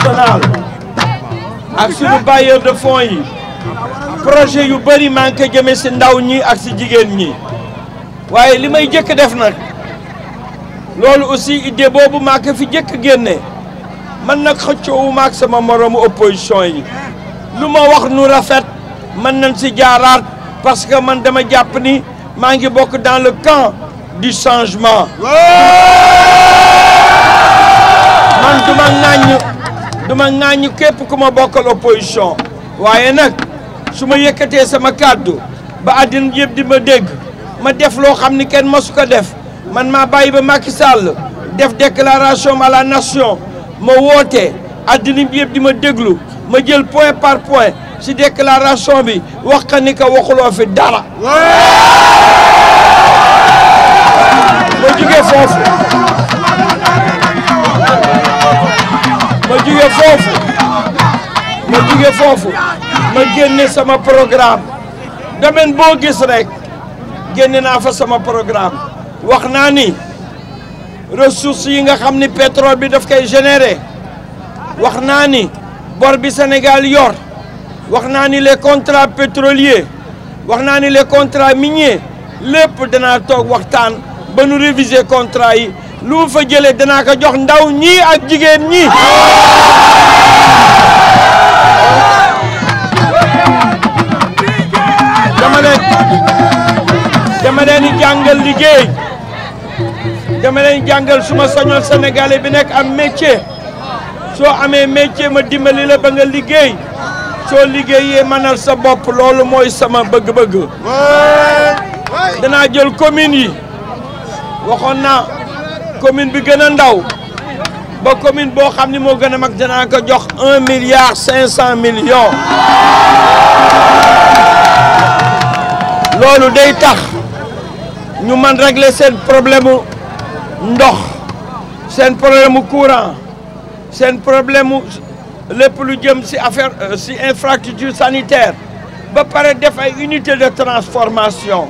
nationale ak suñu bailleur de fonds yi projet yu bari manqué jëmee ci ndaw ñi ak ci jigéen ñi waaye li may jëkk def nag loolu aussi idée boobu maa fi jëkk génne man nag xëccoowu maak sama moroomu opposition yi lu ma wax nu rafet man nañ si jaaraat parce que man dama jàpp ni maa ngi bokk dans le camp du changement man duma nàññ duma ŋaañu képp ku ma bokkal opposition waaye nag su ma yëkkatee sama kàddu ba àddina yëpp di ma dégg ma def loo xam ni kenn masu ko def man ma bàyyi ba Macky Sall def déclaration ma la nation ma woote àddina bi yëpp di ma déglu ma jël point par point ci déclaration bi wax ka ni ko waxuloo fi dara jóge foofu ma génne sama programme domaine boo gis rek génne naa fa sama programme wax naa ni ressources yi nga xam ni pétrole bi daf koy générer wax naa ni bor bi senegal yor wax naa ni les contrats pétroliers wax naa ni les contrats miniers lépp danaa toog waxtaan ba nu réviser contrat yi lu fa jëlee danaa ko jox ndaw ñi ak jigéen ñi dama leen di jàngal liggéey dama leen jàngal su ma sañoon sénégalais bi nekk am métier soo amee métier ma dimbali la ba nga liggéey soo liggéeyee mënal sa bopp loolu mooy sama bëgg-bëgg danaa jël commune yi waxoon na commune bi gën a ndaw ba commune boo xam ni moo gën a mag danaa ko jox un milliard cinq cent millions Nous day tax ñu man régler problème non c'est un problème courant. courant un problème lepp lu jëm ci affaire euh, ci infrastructure sanitaire ba paré def unité de transformation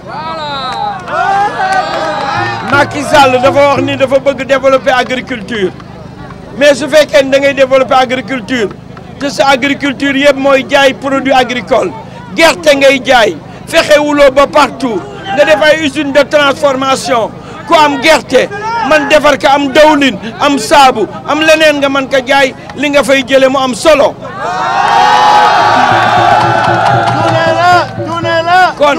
Macky Sall dafa wax ni dafa développer agriculture mais je fekkee da ngay développer agriculture te sa agriculture yëpp mooy produit agricole gerte ngay jaay fexewuloo ba partout nga def ay usine de transformation ku am gerte man defar ka am dawlin am saabu am leneen nga man ka jaay li nga fay jële mu am solo kon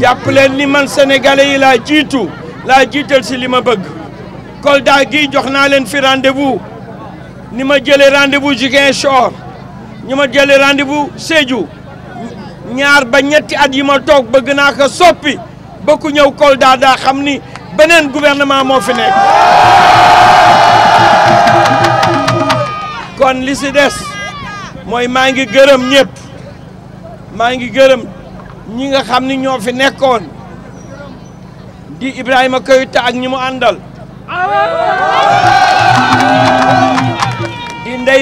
jàpp leen ni man sénégalais yi laa jiitu laa jiital si li ma bëgg Kolda gi jox naa leen fi rendez bu ni ma jëlee rendez-vous Ziguinchor ñi ma jële rendez bu Sédhiou ñaar ba ñetti at yi ma toog bëgg naa ko soppi ba ku ñëw Kolda daa xam ni beneen gouvernement moo fi nekk. kon li si des mooy maa ngi gërëm ñëpp maa ngi gërëm ñi nga xam ni ñoo fi nekkoon di Ibrahima Koyta ak ñi mu àndal. di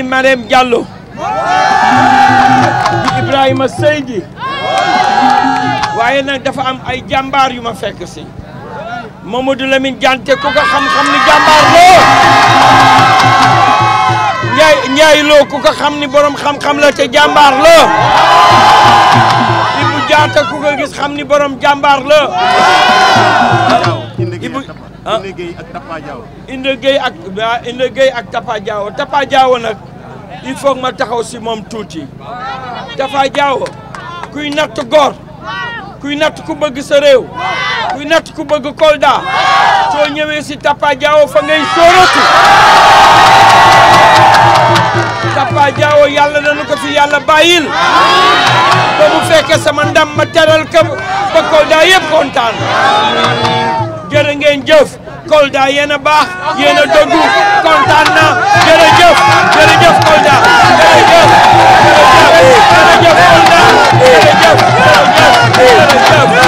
Marem Marème Diallo di Ibrahima Seydi waaye nag dafa am ay jambar yu ma fekk si Mamadou Lamine Diante ku xam-xam ni jambar lo, Njaay Njaay lo ku xam ni borom xam-xam la te jàmbaar lo Ibu Jaata kuga ko gis xam ni borom jambar lo. Ibu ah Inde Gueye ak Tapa Diaw. nag il ma taxaw si moom tuuti Tapa kuy natt góor kuy natt ku bëgg sa kuy natt ku bëgg Kolda soo ñëwee si Tapa fa ngay sóoratu. Tapa yàlla nañu ko fi yàlla bàyyil ba mu fekkee sama ndam ma teral ka ba Kolda yëpp kontaan. jërë ngeen jëf Kolda yéen a baax yéen a dëggu kontaan na jërëjëf jërëjëf Kolda jërëjëf jërëjëf Kolda jërëjëf